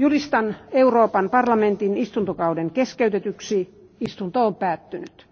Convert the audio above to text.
julistan euroopan parlamentin istuntokauden keskeytetyksi istunto on päättynyt.